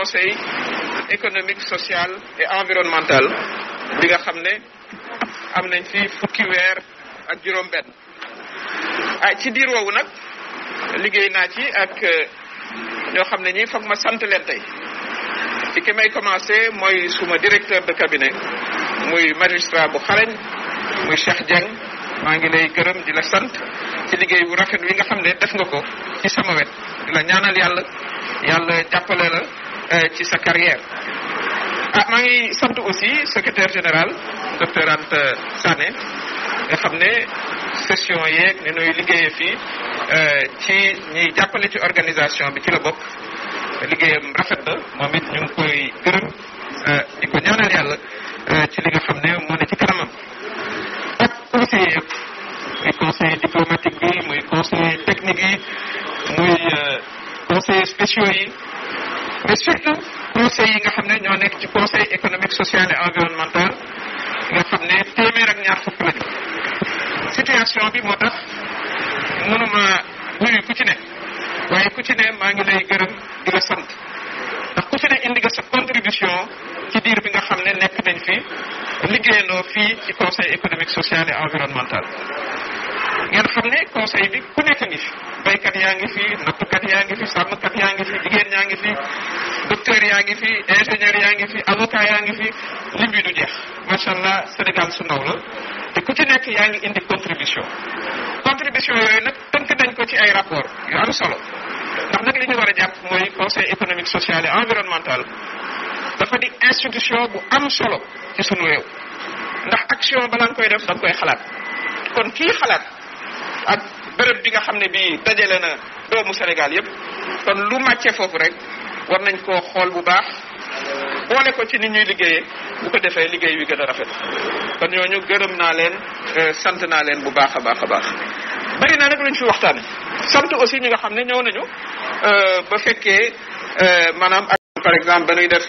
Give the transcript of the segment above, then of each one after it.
conseil économique social et environnemental bi nga xam ne am nañ fi fukki weer ak juróom-benn ah ci diir woowu nag liggéey naa ci ak euh, ñoo xam ne ñi foog ma sant leen tey ci ki may commencé mooy suma directeur de cabinet muy magistrat bu xarañ muy Cheikh Dieng maa ngi lay gërëm di la sant ci liggéey bu rafet wi nga xam ne def nga ko ci sama wet di la ñaanal yàlla yàlla jàppale la Euh, ci sa carrière ah maa ngi aussi secrétaire général docteur Anta Sané nga xam ne session yeeg ni nuy liggéeyee fii euh, ci ñi jàppale ci organisation bi ci la bokk liggéeyam rafet na moom it ñu koy gërëm euh, di ko ñaanal yàlla ci li nga xam ne moo ci kanamam ak conseiller muy conseiller diplomatique bi muy conseiller technique yi muy conseiller spéciaux yi mais surtout conseil yi nga xam ne ñoo nekk ci conseil économique social et environnemental nga xam ne téeméer ak ñaar fukk lañu situation bi moo tax mënuma nuyu ku ci ne waaye ku ci ne maa ngi lay gërëm di la ndax ku ci ne indi nga sa contribution ci diir bi nga xam ne nekk nañ fi liggéeyandoo fii ci conseil économique social et environnemental ngeen xam ne conseil bi ku nekk ngi baykat yaa ngi fi natt macha allah Sénégal su ndaw la te ku ci nekk yaa ngi indi contribution contribution yooyu nag tënk nañ ko ci ay rapport yu am solo ndax nag li ñu war a jàpp mooy conseil économique social et dafa di institution bu am solo ci sunu réew ndax action balaa nga koy def da koy xalaat kon kii xalaat ak bërëb bi nga xam ne bii dajale na doomu Sénégal yépp kon lu màccee foofu rek war nañ koo xool bu baax boole ko ci ni ñuy liggéeyee bu ko defee liggéey wi gën a rafet kon ñooñu gërëm naa leen euh, sant naa leen bu baax a baax a baax bari na nag luñ fi waxtaane sant aussi ñi nga xam ne ñëw nañu euh, ba fekkee euh, maanaam ak par exemple ba nuy def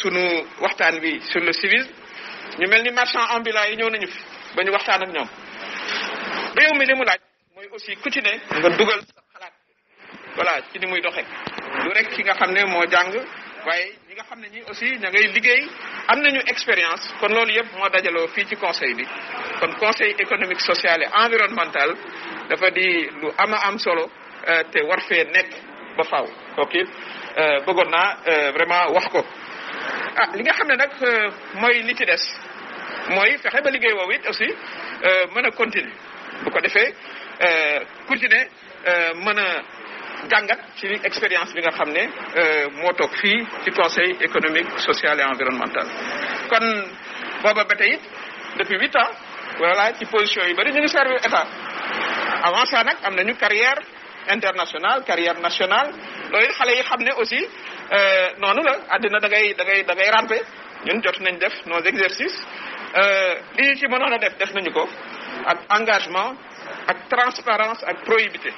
sunu waxtaan bi sur le civisme ñu mel ni marchand ambulant yi ñëw nañu fi ba ñu waxtaan ak ñoom réew mi li mu laaj mooy aussi ku ci ne nga dugal xalaat voilà ci ni muy doxee du rek ki nga xam ne moo jàng waaye ñi nga xam ne ñi aussi ña ngay liggéey am na ñu expérience kon loolu yëpp moo dajaloo fii ci conseil bi kon conseil économique social et environnemental dafa di lu ama am solo euh, te war fee nekk ba faaw ok euh, bëggoon naa euh, vraiment wax ko ah li nga xam ne nag mooy li ci des mooy fexe ba liggéey woowu it aussi mën a continuer bu ko defee continuer mën a jàngat ci expérience bi nga xam ne euh, moo toog fii ci conseil économique social et environnemental kon booba ba tey depuis huit ans voilà ci position yu bëri ñu ngi servir état avant ça nag am nañu carrière internationale carrière nationale loolu it xale yi xam ne aussi euh, noonu la àddina da ngay da ngay da ngay ramper ñun jot nañ def nos exercices euh, li ñu ci mënoon a def def nañu ko ak engagement ak transparence ak probité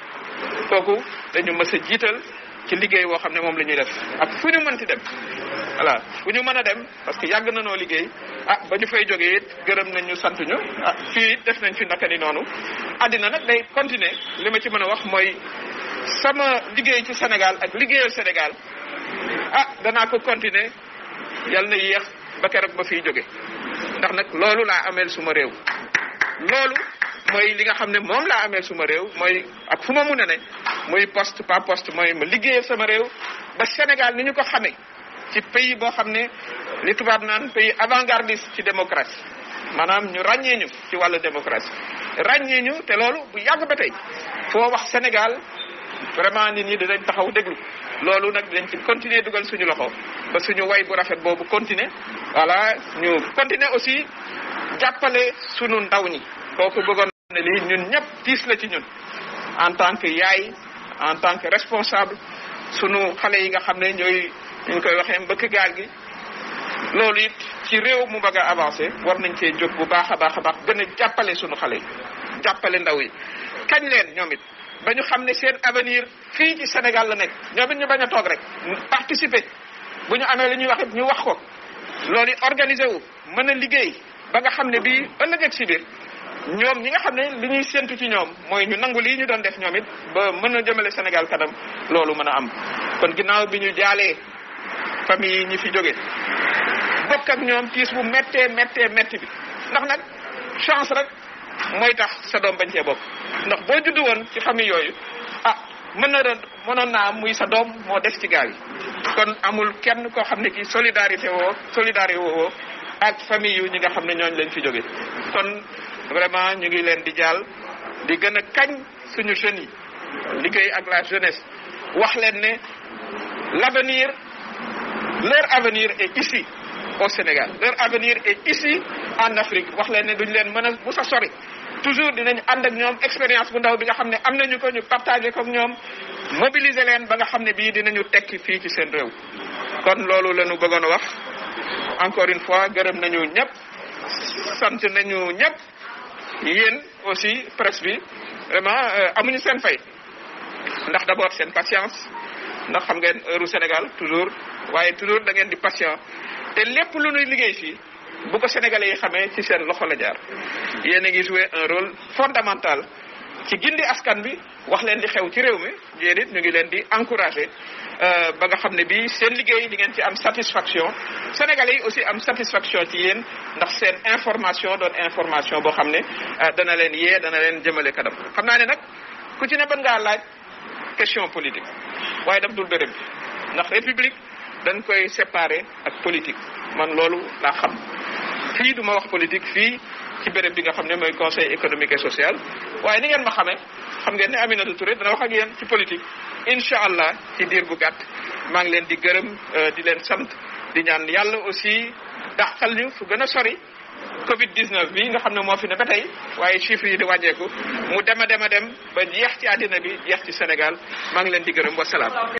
kooku dañu mës a jiital ci liggéey woo xam ne moom la ñuy def ak fu ñu mënti dem voilà fu ñu mën a dem parce que yàgg na noo liggéey ah ba ñu fay jógee it gërëm nañ ñu sant ñu ah fii it def nañ fi naka ni noonu àddina nag day continuer li ma ci mën a wax mooy sama liggéey ci Sénégal ak liggéeyal Sénégal ah danaa ko continuer yàlla na yéex ba keroog ba fiy jóge ndax nag loolu laa ameel suma réew loolu mooy li nga xam ne moom laa amee suma réew mooy ak fu ma mun a ne muy poste par poste mooy ma liggéeyee sama réew ba Sénégal ni ñu ko xamee ci pays boo xam ne li tubaab naan pays avant-gardiste ci démocratie maanaam ñu ràññee ñu ci wàllu démocratie ràññee ñu te loolu bu yàgg ba tey foo wax Sénégal vraiment nit ñi dinañ taxaw déglu loolu nag dañ ci continuer dugal suñu loxo ba suñu way bu rafet boobu continuer voilà ñu continuer aussi jàppale suñu ndaw ñi kooku ne lii ñun ñëpp tiis la ci ñun en tant que yaay en tant que responsable sunu xale yi nga xam ne ñooy ñu koy waxee mbëkk gaal gi loolu it ci réew mu bëgg a avancé war nañ cee jóg bu baax a baax a baax gën jàppale sunu xale yi jàppale ndaw yi kañ leen ñoom it ba ñu xam ne seen avenir fii ci Sénégal la nekk ñoom ñu bañ a toog rek participer bu ñu amee lu ñuy wax ñu wax ko loolu it organiser wu mën a liggéey ba nga xam ne bii ëllëg ak si biir ñoom ñi nga xam ne li ñuy séntu ci ñoom mooy ñu nangu lii ñu doon def ñoom it ba mën a jëmale Sénégal kanam loolu mën a am kon ginnaaw bi ñu jaalee famille yi ñi fi jóge bokk ak ñoom tiis bu méttee méttee métti bi ndax nag chance rek mooy tax sa doom bañ see bopp ndax boo juddu woon ci famille yooyu ah mën na doon mënoon naa am muy sa doom moo des ci gaal yi kon amul kenn koo xam ne ki solidarité woo solidari woo ak famille yu ñi nga xam ne ñooñu lañ fi jóge vraiment ñu ngi leen di jàll di gën a kañ suñu jeunes yi liggéey ak la jeunesse wax leen ne l'avenir leur avenir est ici au Sénégal leur avenir est ici en Afrique wax leen ne duñ leen mën a bu sa sori toujours dinañ ànd ak ñoom expérience bu ndaw bi nga xam ne am nañu ko ñu partagé ko ñoom mobiliser leen ba nga xam ne bii dinañu tekki fii ci seen réew kon loolu leen ñu bëggoon a wax encore une fois gërëm nañu ñëpp sant nañu ñëpp yéen aussi presse bi vraiment euh, amuñu seen fay ndax d'abord seen patience ndax xam ngeen heure Sénégal toujours waaye toujours da ngeen di patient te lépp lu ñuy liggéey fi bu ko sénégalais yi xamee ci seen loxo la jaar yéen ngi jouer un rôle fondamental ci gindi askan bi wax leen di xew ci réew mi yéen ñu ngi leen di encouragé euh, ba nga xam ne bii seen liggéey di ngeen ci am satisfaction sénégalais yi aussi am satisfaction ci yéen ndax seen information doon information boo xam ne euh, dana leen yee dana leen jëmale kanam xam naa ne nag ku ci ne ban ngaa laaj question politique waaye daf dul béréb bi ndax république dañ koy séparer ak politique man loolu laa xam. fii du ma wax politique fii ci béréb bi nga xam ne mooy conseil économique et social waaye ni ngeen ma xamee xam ngeen ne Aminata Touré dana wax ak yéen ci politique incha allah ci diir bu gàtt maa ngi leen di gërëm euh, di leen sant di ñaan yàlla aussi dàqal ñu fu gën a sori Covid 19 bi nga xam ne moo fi ne ba tey waaye chiffres yi di wàññeeku mu dem a dem a dem ba jeex ci àddina bi jeex ci Sénégal maa ngi leen di gërëm wasalaam.